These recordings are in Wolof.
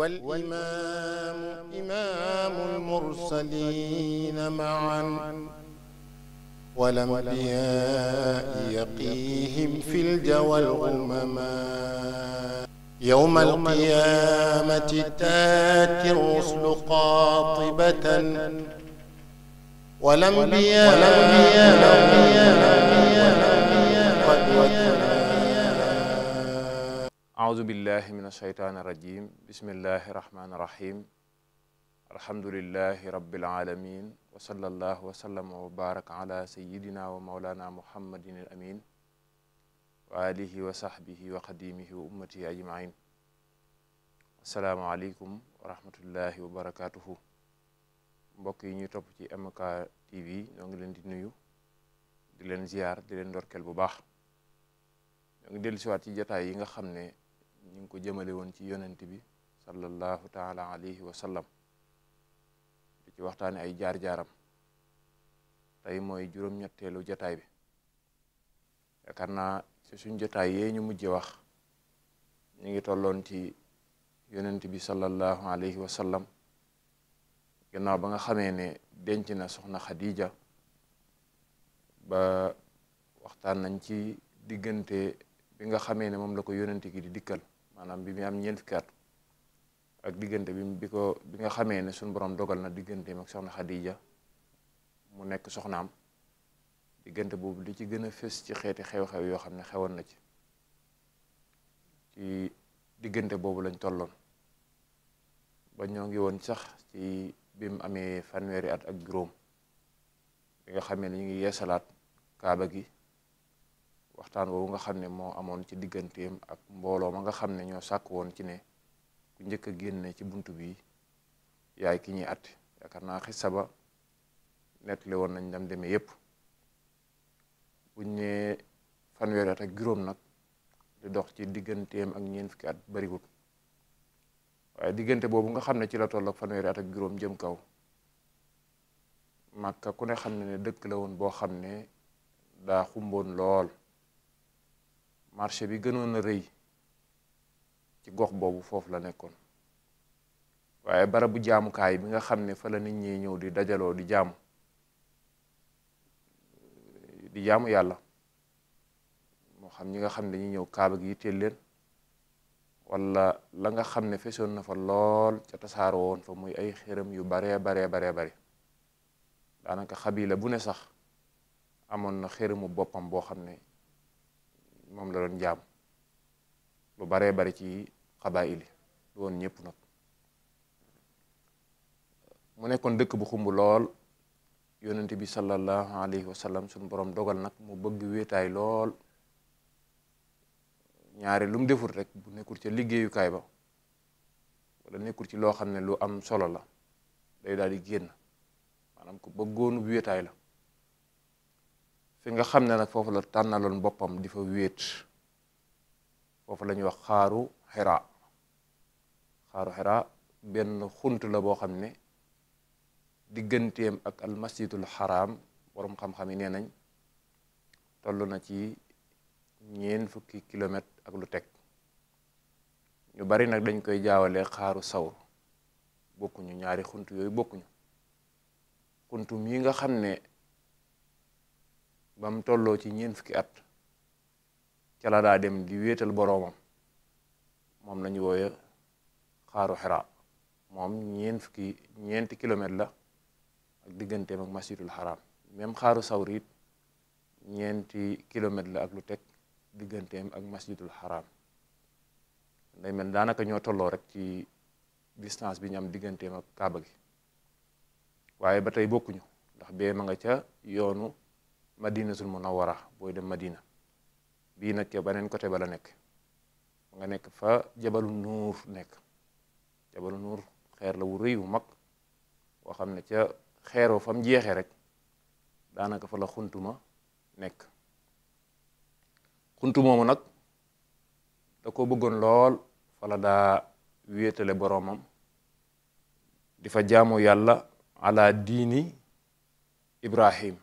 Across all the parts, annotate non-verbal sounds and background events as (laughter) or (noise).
والإمام إمام المرسلين معا والأنبياء يقيهم في الجوى الغمما يوم القيامة تاتي الرسل قاطبة والأنبياء أعوذ بالله من الشيطان الرجيم بسم الله الرحمن الرحيم الحمد لله رب العالمين وصلى الله وسلم وبارك على سيدنا ومولانا محمد الأمين وآله وصحبه وقديمه وأمته أجمعين السلام عليكم ورحمة الله وبركاته mbokk yi ñuy topp ci MK TV ñoo ngi leen di nuyu di leen ziar di leen ndorkeel bu baax ñoo ngi dellu siwaat ci jataay yi nga xam ne ñu ngi ko jëmale woon ci yonent bi sallallahu taala alayhi wa sallam ci waxtaane ay jaar-jaaram tey mooy juróom-ñetteelu jataay bi yaakaar naa ci suñ jataay yee ñu mujje wax ñu ngi tolloon ci yonent bi sallallahu alayhi wa sallam ba nga xamee ne denc na soxna Khadija ba waxtaan nañ ci diggante bi nga xamee ne moom la ko yonent gi di dikkal maanaam bi mu am ñeent fukki at ak diggante bi bi ko bi nga xamee ne suñ borom dogal na digganteem ak soxna Xadija mu nekk soxnaam diggante boobu li ci gën a fës ci xeeti xew-xew yoo xam ne xewoon na ci diggante boobu lañ tolloon ba ñoo ngi woon sax ci bi mu amee fanweeri at ak juróom bi nga xamee ne ñu ngi yeesalaat kaaba gi waxtaan woowu nga xam ne moo amoon ci digganteem ak mbooloo ma nga xam ne ñoo sàkk woon ci ne ku njëkk a génne ci bunt bi yaay ki ñuy at yaakaar naa xis saba nettali woon nañ dem demee yépp buñ ñee fanweeri at ak juróom nag di dox ci digganteem ak ñeent fukki at bariwul waaye diggante boobu nga xam ne ci la toll ak fanweeri at ak juróom jëm kaw Màkka ku ne xam ne ne dëkk la woon boo xam ne daa xumboon lool marché bi gënoon a rëy ci gox boobu foofu la nekkoon waaye barabu jaamukaay bi nga xam ne fa la nit ñi ñëw di dajaloo di jaamu di jaamu yàlla moo xam ñi nga xam ne dañuy ñëw kaaba gi yitteel leen wala la nga xam ne fesoon na fa lool ca tasaaroo woon fa muy ay xërëm yu baree baree baree bare daanaka xabila bu ne sax amoon na xërëmu boppam boo xam ne moom la doon jaam lu baree bari ci xabaayil yi du woon ñëpp nag mu nekkoon dëkk bu xumb lool yonent bi sallallahu alayhi wa sallam suñu borom dogal nag mu bëgg wéetaay lool ñaare lu mu deful rek bu nekkul ca liggéeyukaay ba walla nekkul ci loo xam ne lu am solo la day daal di génn maanaam ku bëggoonu wéetaay la fi nga xam ne nag foofu la tànnaloon boppam di fa wéet foofu la ñuy wax xaaru xira benn xunt la boo xam ne digganteem ak almasjidul xaraam boroom xam-xam yi nee nañ toll na ci ñeen fukki kilomètre ak lu teg ñu bari nag dañ koy jaawale xaaru sawr bokkuñu ñaari xunt yooyu bokkuñu xunt mi nga xam ne ba mu tolloo ci ñeent fukki at ca daa dem di wéetal boroomam moom lañu wooye xaaru xira ñeenti kilomètre la ak digganteem ak masjidul xaram même xaaru sawrit ñeenti kilomètre la ak lu teg digganteem ak masjidul xaram day mel daanaka ñoo tolloo rek ci distance bi ñu am digganteem ak kaaba gi waaye ba tey bokkuñu ndax bee ma nga ca yoonu madinatul munawwara booy dem madina bii nag ca beneen côté ba la nekk nga nekk fa jabalu nuur nekk jabalu nuur xeer la wu rëy wu mag boo xam ne ca xeeroo fam jeexee rek daanaka fala la xuntuma nekk xunt moomu nag da ko bëggoon lool fa la daa wéetale boroomam di fa jaamu yàlla ala diini Ibrahim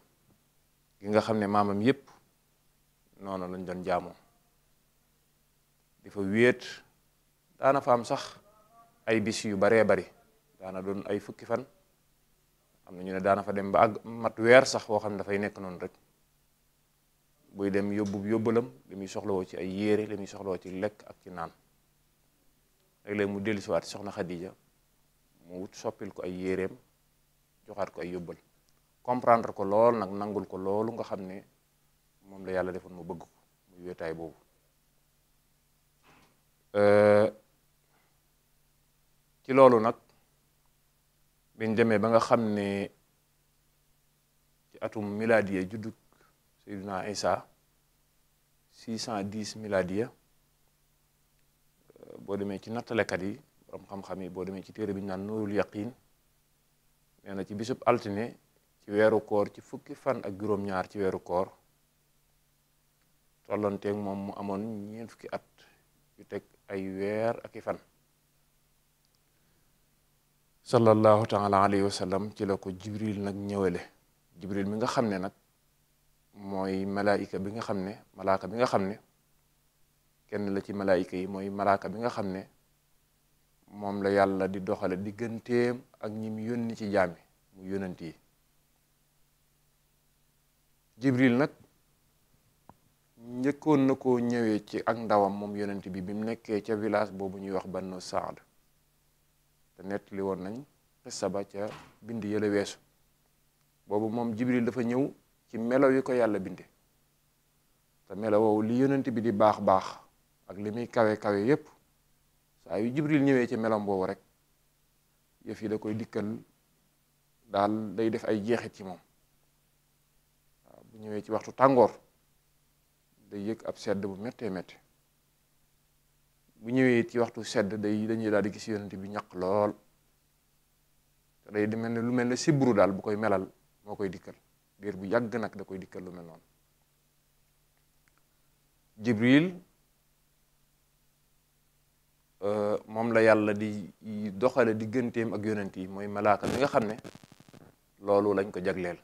gi nga xam ne maamam yépp noonu lañ doon jaamoo di fa wéet daana fa am sax ay bis yu baree bari daana doon ay fukki fan am na ñu ne daana fa dem ba mat weer sax woo xam ne dafay nekk noonu rek buy dem yóbbu yóbbalam li muy soxlawoo ci ay yére li muy soxlawoo ci lekk ak ci naan léeg-léeg mu dellusiwaat soxna Xadija mu wut soppil ko ay yéreem joxaat ko ay yóbbal comprendre ko lool nag nangul ko loolu nga xam ne moom la yàlla defoon mu bëgg ko muy wéetaay boobu euh, ci loolu nag biñ demee ba nga xam ne ci atum miladiya juddug Seydina Isa six cent dix miladiya euh, boo demee ci nattalekat yi borom xam-xam yi boo demee ci téere bi ñu naan nuurul yaqin nee na ci bisub altine ci weeru koor ci fukki fan ak juróom-ñaar ci weeru koor tollanteeg moom mu amoon ñeent fukki at yu teg ay weer ak i fan sallallahu taala alayhi ci la ko jibril nag ñëwale jibril mi nga xam ne nag mooy malaayika bi nga xam ne malaaka bi nga xam ne kenn la ci malaayika yi mooy malaaka bi nga xam ne moom la yàlla di doxale digganteem ak ñi mu ci jaami mu yi jibril nag njëkkoon na ko ñëwee ci ak ndawam moom yonent bi bi mu nekkee ca village boobu ñuy wax Banu Saad te nettali woon nañ xissa ba ca bind yële weesu boobu moom jibril dafa ñëw ci melaw yi ko yàlla binde te melaw li yonent bi di baax baax ak li muy kawe kawe yépp saa yu jibril ñëwee ci melam boobu rek yëf yi da koy dikkal daal day def ay jeexit ci moom bu ñëwee ci waxtu tàngoor day yëg ab sedd bu méttee métti bu ñëwee ci waxtu sedd day dañuy daal di gis yonent bi ñaq lool te day di mel ne lu mel ne sibru daal bu koy melal moo koy dikkal diir bu yàgg nag da koy dikkal lu mel noonu Jibril euh, moom la yàlla di doxale digganteem ak yonent yi mooy malaaka mi nga xam ne loolu lañ ko jagleel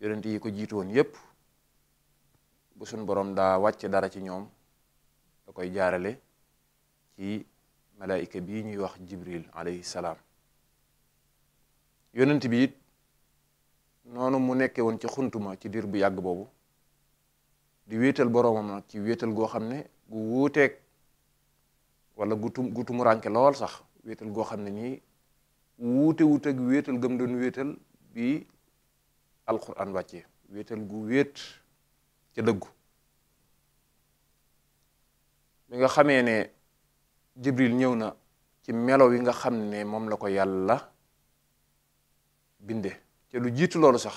yonent yi ko jiitoon yépp bu suñ boroom daa wàcc dara ci ñoom da koy jaarale ci malaayika bii ñuy wax jibril alayhi salaam yonent bi it noonu mu nekke woon ci xuntuma ci diir bu yàgg boobu di wéetal boroomam nag ci wéetal goo xam ne gu wuuteeg wala gu tum gu lool sax wéetal goo xam ne nii wuute wuuteeg wéetal gëm doon wéetal bi alquran wàcce wéetal gu wéet ca dëggu mi nga xamee ne jibril ñëw na ci melo yi nga xam ne moom la ko yàlla binde ca lu jiitu loolu sax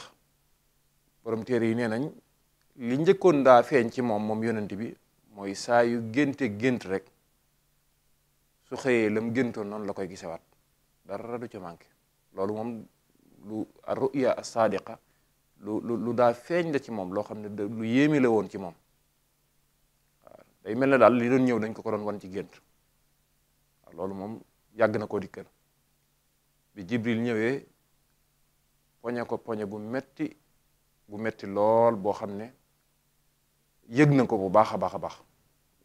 borom téere yi nee nañ li njëkkoon daa feeñ ci moom moom yonent bi mooy saa yu gént rek su xëyee lam géntoon noonu la koy gisewaat dara du ci loolu moom lu ruya sadiqa lu lu lu daa feeñ la ci moom loo xam ne lu yéeme la woon ci moom day mel ne daal li doon ñëw dañ ko ko doon wan ci gént loolu moom yàgg na koo dikkal bi Jibril ñëwee poñe ko poñe bu metti bu metti lool boo xam ne yëg na ko bu baax a baax a baax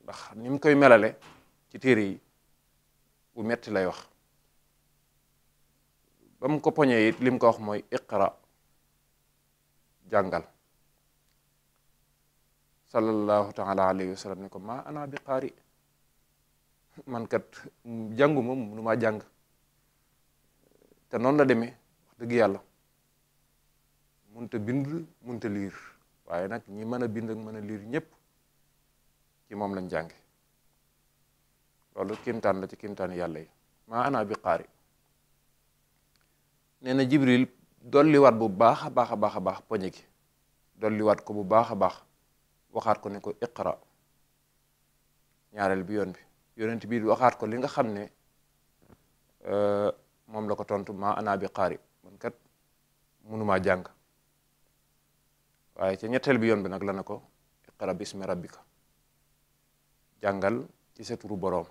ndax ni mu koy melale ci téere yi bu metti lay wax ba ko poñee it li mu ko wax mooy iqra jàngal sallallahu taala alayhi wa sallam ne ko ma ana bi man kat jàngu ma nu maa jàng te noonu la demee wax dëgg yàlla munta bind munta liir waaye nag ñi mën a bind mën a liir ñépp ci moom lañ jànge loolu kimtaan la ci kimtaan yàlla ma ana bi qaari nee dolliwaat bu baax a baax a baax a baax poñe gi dolliwaat ko bu baax a baax waxaat ko ne ko iqra ñaareel bi yoon bi yonent bi waxaat ko li nga xam ne euh, moom la ko tontu maa anaa bi qaari man mënumaa jàng waaye ci ñetteel bi yoon bi nag la ne ko iqra bismi rabbika jàngal ci sa turu boroom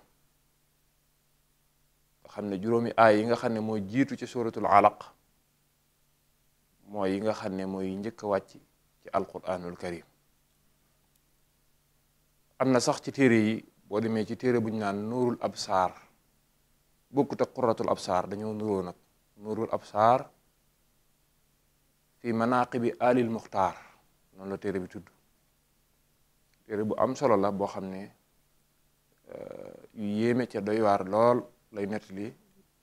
nga xam ne juróomi aay yi nga xam ne mooy jiitu ci suratul alaq mooy yi nga xam ne mooy njëkk a wàcc ci alquranul karim am na sax ci téere yi boo demee ci téere bu ñu naan nuurul absaar bokkut ak qurratul absaar dañoo nuroo nag nuurul absaar fi manaqibi alil muxtaar noonu la téere bi tudd téere bu am solo la boo xam ne eh, yu yéeme ca doy waar lool lay nettali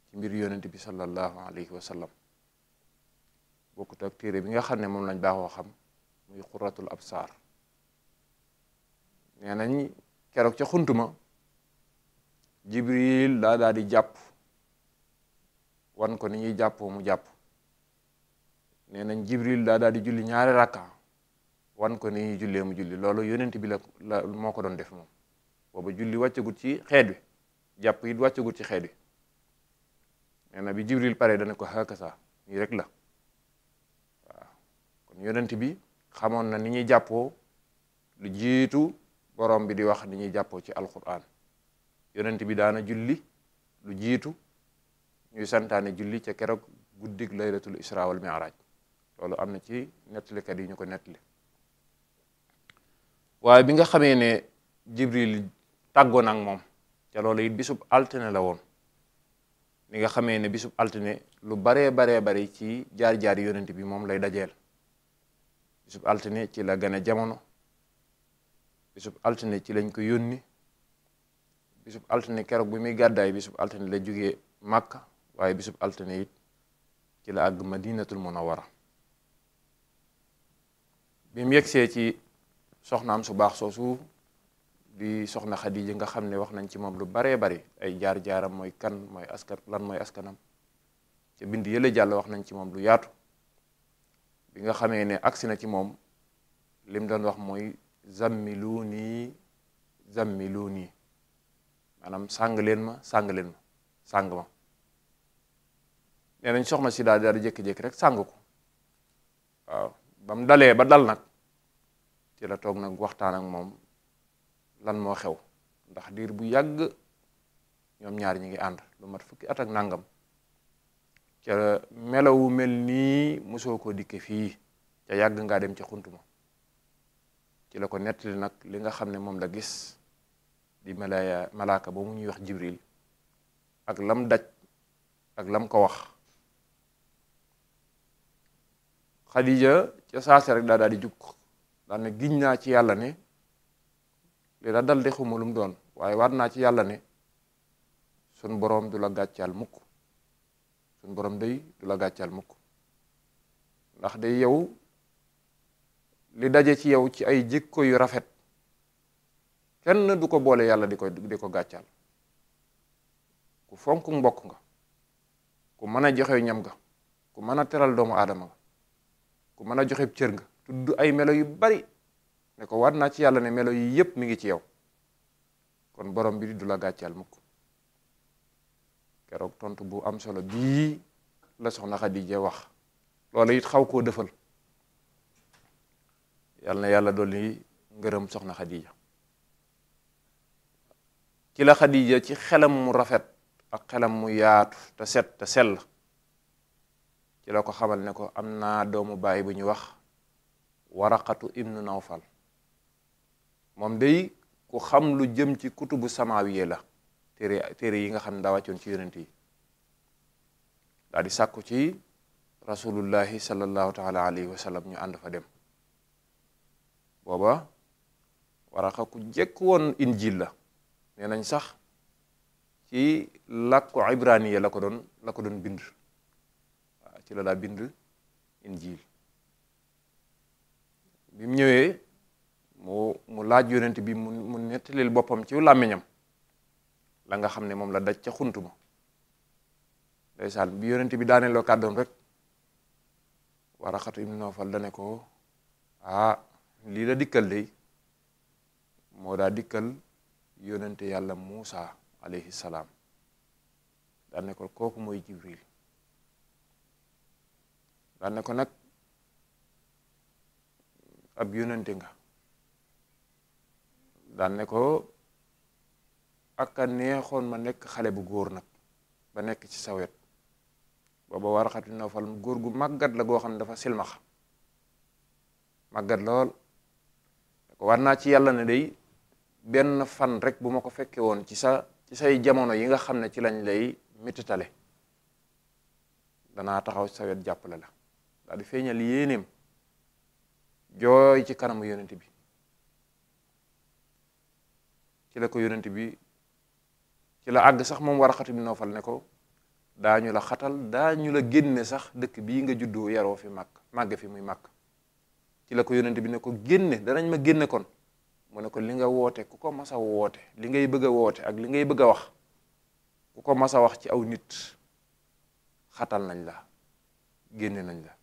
ci mbir yonent bi sallallahu alayhi wa bokkut ak téere bi nga xam ne moom lañ baaxoo xam muy xuratul absaar nee nañ keroog ca xuntuma jibril daa jàpp wan ko ni ñuy jàppoo mu jàpp nee nañ jibril daa daal di julli ñaari rakka wan ko ni ñuy jullee mu julli loolu yonent bi la moo ko doon def moom booba julli wàccagut ci xeet wi jàpp yi wàccagut ci xeet wi nee na bi jibril pare dana ko xakasa nii rek la yonent bi xamoon na ni ñuy jàppoo lu jiitu borom bi di wax ni ñuy jàppoo ci alquran yonent bi daana julli lu jiitu ñuy santaane julli ca keroog guddig laylatul isra wal mi'raj loolu am na ci nettalikat yi ñu ko nettali waaye bi nga xamee ne jibril tàggoon ak moom ca loolu it bisub altine la woon ni nga xamee ne bisub altine lu baree baree bari ci jaar-jaar yonent bi moom lay dajeel bisub altine ci la gane jamono bisub altine ci lañ ko yónni bisub altine keroog bi muy gàddaay bi bisub altine la jógee màkk waaye bisub altine it ci la àgg madinatul a bi mu yegsee ci soxnaam su baax soosu di soxna Xadija nga xam ne wax nañ ci moom lu baree bari ay jaar-jaaram mooy kan mooy askan lan mooy askanam ca bind yële jàll wax nañ ci moom lu yaatu bi nga xamee ne agsi na ci moom lim mu doon wax mooy zammiluuni zammiluuni maanaam sàng leen ma sàng leen ma sàng ma nee nañ soxna si daal daal jékki rek sàng ko waaw dale ba dal nag ci la toog nag waxtaan ak moom lan moo xew ndax diir bu yàgg ñoom ñaar ñi ngi ànd lu mat fukki at ak nàngam ca melawu mel nii mosoo ko dikk fii ca yàgg ngaa dem ca xuntuma ci la ko nettali nag li nga xam ne moom la gis di malaaya malaaka ba mu ñuy wax jibril ak lam daj ak lam ko wax xadija ca saase rek daa daal di jug daal ne giñ naa ci yàlla ne li la dal de xuma doon waaye waat naa ci yàlla ne sun borom du la gàccaal mukk suñ borom day du la gàccaal mukk ndax day yow li daje ci yow ci ay jikko yu rafet kenn du ko boole yàlla di ko di ko gàccaal ku fonk mbokk nga ku mën a joxe ñam nga ku mën a teral doomu aadama nga ku mën a joxe cër nga tudd ay melo yu bari ne ko waat naa ci yàlla ne melo yi yépp mi ngi ci yow kon borom bi du la gàccaal mukk keroog tontu bu am solo bii la soxna Xadija wax loolu it xaw koo dëfal yàlla na yàlla dool yi ngërëm soxna Xadija ci la Xadija ci xelam mu rafet ak xelam mu yaatu te set te sell ci la ko xamal ne ko am na doomu baay bu ñu wax waraqatu ibnu nawfal moom day ku xam lu jëm ci kutubu samaawiye la téere téere yi nga xam ne daa wàccoon ci yonent yi daal di sàkku ci rasulullahi sallallahu taala alayhi wa ñu ànd fa dem booba Waraqa ku jëkk woon injil la nee nañ sax ci làkku ibraniya la ko doon la ko doon bind ci la daa bind injil bi ñëwee mu mu laaj yonent bi mu mu boppam ci làmmiñam la nga xam ne moom la daj ca xunt ma ndeysaan bi yonent bi daaneloo kàddoom rek Waraxatu ibnu Nawfal dane ko ah lii la dikkal day moo daa dikkal yonente yàlla Muusa alayhi salaam daan ne ko kooku mooy Jibril daan ko nag ab yonente nga daan ne ko ak a neexoon ma nekk xale bu góor nag ba nekk ci sawet booba warxatu nawfal góor gu màggat la goo xam ne dafa silmax màggat lool ko war naa ci yàlla ne day benn fan rek bu ma ko fekke woon ci sa ci say jamono yi nga xam ne ci lañ lay métitale danaa taxaw sa wet jàppale la daal di feeñal yéeneem jooy ci kanamu yonent bi ci la ko yonent bi ci la àgg sax moom war a noofal ne ko daañu la xatal daañu la génne sax dëkk bii nga juddoo yaroo fi màkk màgg fi muy màkk ci la ko yónnent bi ne ko génne danañ ma génne kon mu ne ko li nga woote ku ko mas a woote li ngay bëgg a woote ak li ngay bëgg a wax ku ko mas a wax ci aw nit xatal nañ la génne nañ la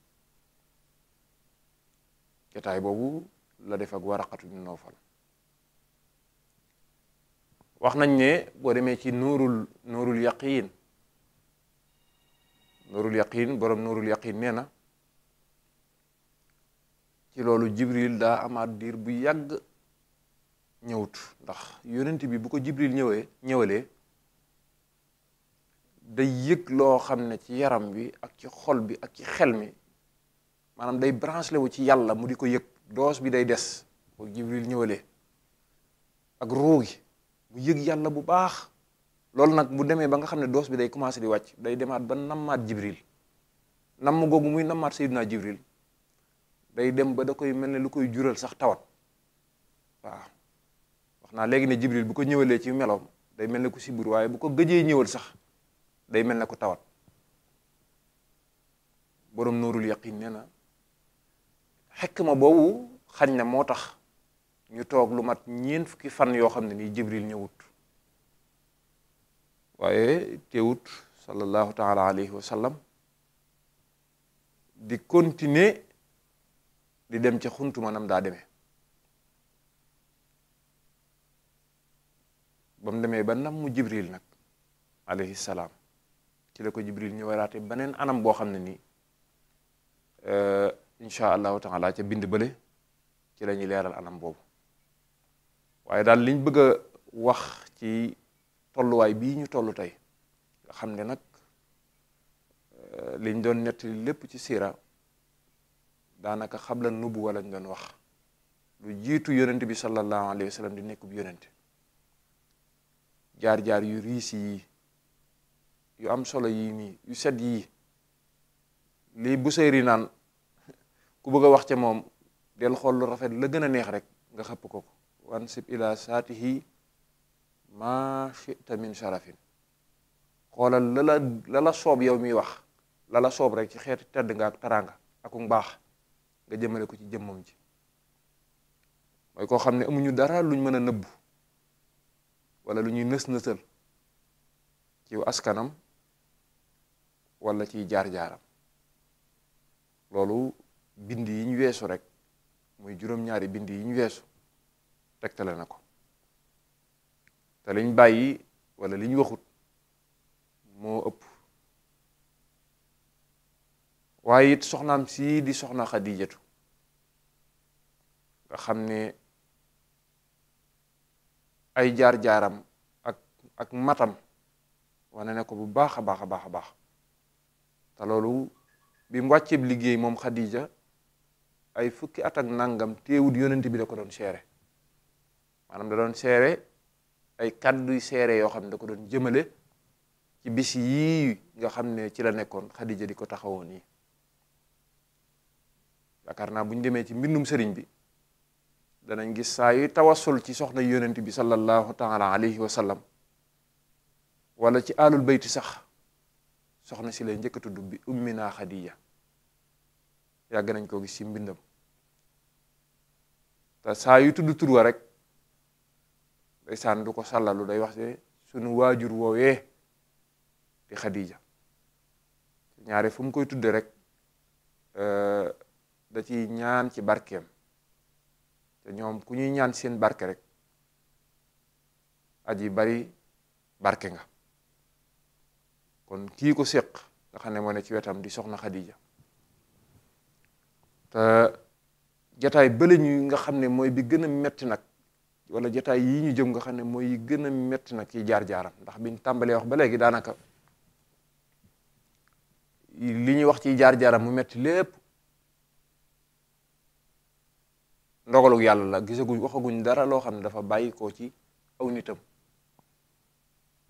jotaay boobu la def ak waraqatu ñu noofal wax nañ ne boo demee ci nuurul nuurul yaqiin nuurul yaqiin boroom nuurul yaqiin nee na ci loolu jibril daa amaat diir bu yàgg ñëwut ndax yonent bi bu ko jibril ñëwee ñëwalee day yëg loo xam ne ci yaram bi ak ci xol bi ak ci xel mi maanaam day branché wu ci yàlla mu di ko yëg doos bi day des boo jibril ñëwalee ak ruu gi bu yëg yàlla bu baax loolu nag bu demee ba nga xam ne doos bi day commencé di wàcc day demaat ba nammaat jibril namm googu muy nammaat sayyidina jibril day dem ba da koy mel ne lu koy jural sax tawat waaw wax naa léegi ne jibril bu ko ñëwalee ci meloom day mel ne ku sibur waaye bu ko gëjee ñëwal sax day mel ne ku tawat boroom nuurul yaqin nee na xekk ma boobu xañ na moo tax ñu toog lu mat ñeent fukki fan yoo xam ne nii jibril ñëwut waaye teewut sallallahu taala alayhi wa sallam di continuer di dem ca xuntu manam daa demee ba mu demee ba nam mu jibril nag alayhi salaam ci la ko jibril ñu waraate beneen anam boo xam ne nii euh, incha allahu taala ca bind bale ci la ñuy leeral anam boobu waaye daal liñ bëgg a wax ci tolluwaay bii ñu toll tey nga xam ne nag euh, liñ doon nettali lépp ci siira daanaka xabla nubuwa lañ doon wax lu jiitu yonent bi sallallahu alayhi wa sallam di nekk yonent jaar-jaar yu riis yi yu am solo yi nii yu set yii lii Busayri naan (laughs) ku bëgg a wax ci moom del xool lu rafet la gën a neex rek nga xëpp ko ko wansib ila saatihi ma chita min sharafin xoolal lala soob yow miy wax lala soob rek ci xeeti tedd nga ak taraanga ak mbaax nga jëmale ko ci jëmmam ji mooy koo xam ne amuñu dara luñ mën a nëbbu wala lu ñuy nës-nësal ci askanam wala ci jaar-jaaram loolu bind yi ñu weesu rek muy juróom-ñaari bind yi ñu weesu tele na ko te liñ bàyyi wala liñ waxut moo ëpp waaye it soxnaam sii di soxna Xadijatu nga xam ne ay jaar-jaaram ak matam wane ne ko bu baax a baax a baax a baax te loolu bi mu wàcceeb liggéey moom Xadija ay fukki at ak nangam téewut yonent bi da ko doon seere maanaam da doon seere ay kàdduy seere yoo xam ne da ko doon jëmale ci bis yii nga xam ne ci la nekkoon Xadija di ko taxawoon yi yaakaar naa bu ñu demee ci mbindum sëriñ bi danañ gis saa yuy tawassul ci soxna yonent bi sallallahu taala alayhi wa sallam wala ci alul bayti sax soxna si lay njëkk a tudd bi ummina Xadija yàgg nañ koo gis ci mbindam te saa yu tudd rek ndeysaan du ko sàllalu day wax ne sunu waajur woowee di Khadija ñaare fum koy tudde rek euh, da ci ñaan ci barkeem te ñoom ku ñuy ñaan seen barke rek aji bari barke nga kon kii ko séq nga xam ne moo ne ci wetam di soxna Khadija te jataay bële nga xam ne mooy bi gën a metti nag wala jotaay yii ñu jëm nga xam ne mooy gën a metti nag ci jaar-jaaram ndax biñ tàmbalee wax ba léegi daanaka li ñuy wax ci jaar-jaaram mu metti lépp ndogalu yàlla la gisaguñ waxaguñ dara loo xam ne dafa bàyyi ko ci aw nitam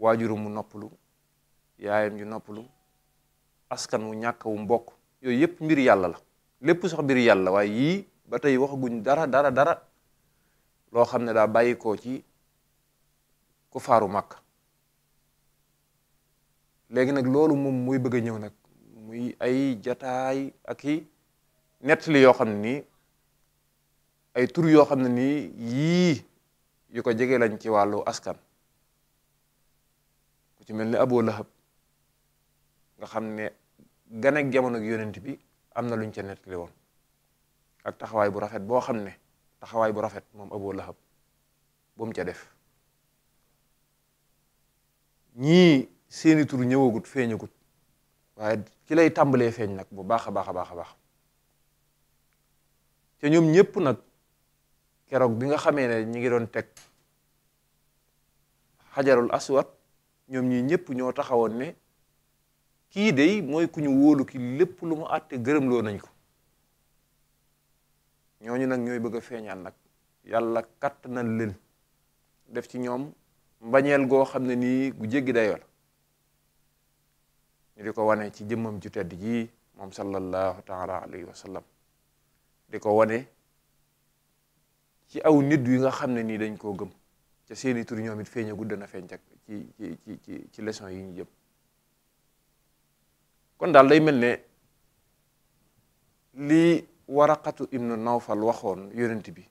waajuru mu noppalu yaayam ju noppalu askan wu ñàkk wu mbokk yooyu yépp mbir yàlla la lépp sax mbir yàlla waaye yii ba tey waxaguñ dara dara dara loo xam ne daa bàyyi koo ci ku faaru màkk léegi nag loolu moom muy bëgg a ñëw nag muy ay jataay ak i nettali yoo xam ne nii ay tur yoo xam ne nii yii yu ko jege lañ ci wàllu askan ku ci mel ni Abu Lahab nga xam ne ganek jamono gi yonent bi am na luñ ca nettali woon ak taxawaay bu rafet boo xam ne taxawaay bu rafet moom aboo Lahab bu mu ca def ñii seeni tur ñëwagut feeñagut waaye ki lay tàmbalee feeñ nag bu baax a baax a baax a baax te ñoom ñépp nag keroog bi nga xamee ne ñi ngi doon teg xajarul aswad ñoom ñi ñépp ñoo taxawoon ne kii dey mooy ku ñu wóolu ki lépp lu mu àtte gërëmloo nañ ko ñooñu nag ñooy bëgg a feeñaan nag yàlla kàtt nañ leen def ci ñoom mbañeel goo xam ne nii gu jéggi dayoo la ñu di ko wane ci jëmmam ju tedd ji moom sallallahu taala alayhi wa di ko wane ci aw nit yi nga xam ne nii dañ koo gëm ca seeni tur ñoom it feeña gudd na feeñ ci ci ci ci ci leçon yi ñu jëm kon daal day mel ne lii waraqatu ibnu nawfal waxoon yonent bi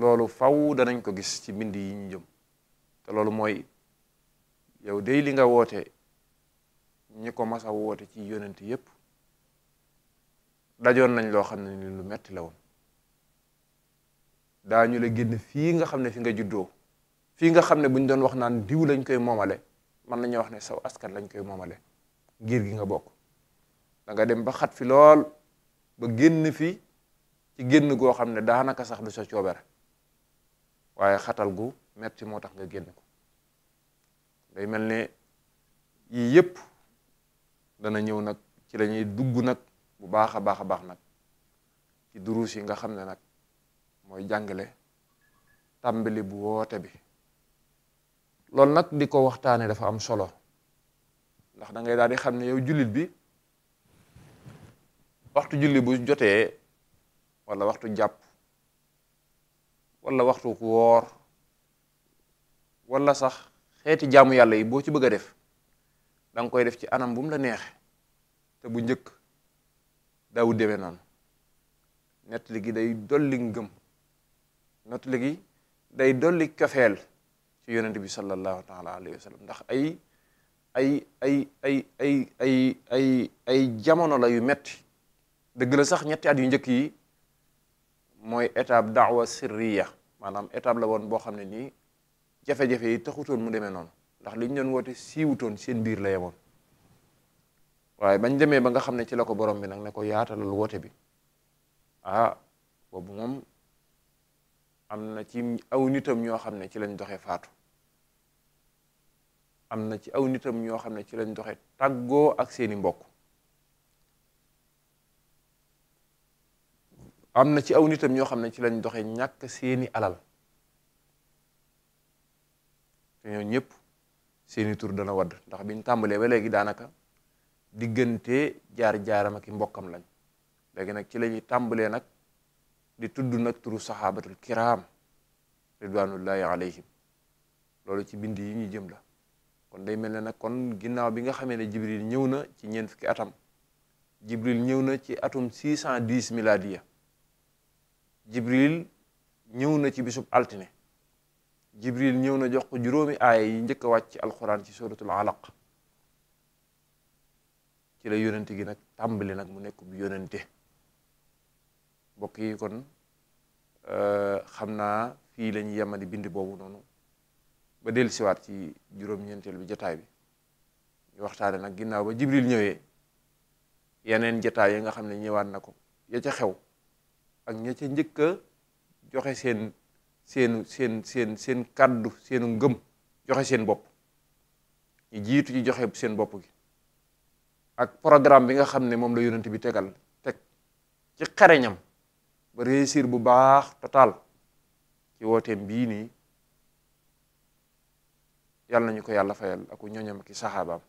loolu faw danañ ko gis ci mbind yi ñu jëm te loolu mooy yow day li nga woote ñi ko mas a woote ci yonent yépp dajoon nañ loo xam ne ni lu metti la woon daa ñu la génn fii nga xam ne fi nga juddoo fii nga xam ne bu ñu doon wax naan diw lañ koy moomale mën nañoo wax ne saw askan lañ koy moomale ngir gi nga bokk danga dem ba xat fi lool ba génn fi ci génn goo xam ne daanaka sax du sa coobere waaye xatal gu metti moo tax nga génn ko day mel ne yii yépp dana ñëw nag ci lañuy dugg nag bu baax a baax a baax nag ci duruus yi nga xam ne nag mooy jàngale tàmbali bu woote bi loolu nag di ko waxtaane dafa am solo ndax dangay ngay daal di xam ne yow jullit bi waxtu julli bu jotee walla waxtu jàpp wala waxtu woor wala sax xeeti jaamu yàlla yi boo ci bëgg a def danga koy def ci anam bu la neex te bu njëkk daawu demee noonu nettali gi day dolli ngëm nettali gi day dolli kafeel ci yonent bi sallallahu taala alayhi wa ndax ay ay ay ay ay ay ay ay jamono la yu metti dëgg la sax ñetti at yu njëkk yi mooy étape daawa sirriya maanaam étape la woon boo xam ne nii jafe-jafe yi taxutoon mu demee noonu ndax li ñu doon woote siiwutoon seen biir la yemoon waaye bañ demee ba nga xam ne ci la ko borom bi nag ne ko yaatalal woote bi ah boobu moom am na ci aw nitam ñoo xam ne ci lañ doxee faatu am na ci aw nitam ñoo xam ne ci lañ doxee tàggoo ak seeni mbokk am na ci aw nitam ñoo xam ne ci lañ doxe ñàkk seeni alal te ñoo ñëpp seeni tur dana wadd ndax biñ tàmbalee ba léegi daanaka diggante jaar-jaaram ak i mbokkam lañ léegi nag ci la ñuy tàmbalee nag di tudd nag turu saxaabatul kiraam ridwanullahi alayhim loolu ci bind yi ñu jëm la kon day mel ne nag kon ginnaaw bi nga xamee ne jibril ñëw na ci ñeent fukki atam jibril ñëw na ci atum 610 miladiya jibril ñëw na ci bisub altine jibril ñëw na jox ko juróomi aaya yi njëkk a wàcc alquran ci suratul alaq ci la yonente gi nag tàmbali nag mu nekk yonante yonente mbokk yi kon euh, xam naa fii la ñuy bind boobu noonu ba dellu siwaat ci juróom-ñeenteel bi jataay bi ñu waxtaane nag ginnaaw ba jibril ñëwee yeneen jataay yi nga xam ne ñëwaat na ko ya ca xew ak ña ca njëkk joxe seen seen seen seen seen kàddu seenu ngëm joxe seen bopp ñu jiitu ci joxe seen bopp gi ak programme bi nga xam ne moom la yonent bi tegal teg ci xereñam ba réussir bu baax total ci wooteem bii nii yàlla nañu ko yàlla fayal ak ñooñam ki saxaabaam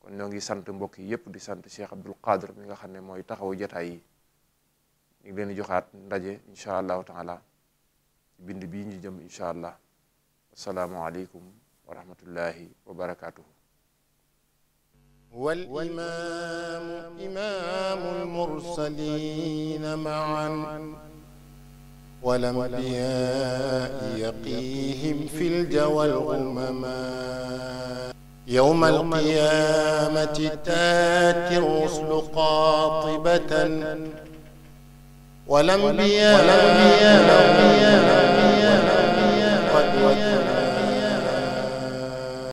kon ñoo ngi sant mbokk yi yépp di sant Cheikh Abdul Qadir mi nga xam ne mooy taxawu jotaay yi ñu ngi leen di joxaat ndaje incha allahu taala ci bind bii ñu jëm incha allah asalaamualeykum wa rahmatullahi wa barakaatuhu. wal imaamu imaamul ma'an wal anbiyaa'i yaqiihim fil jawwal umamaa يوم القيامة تأتي الرسل والأنبياء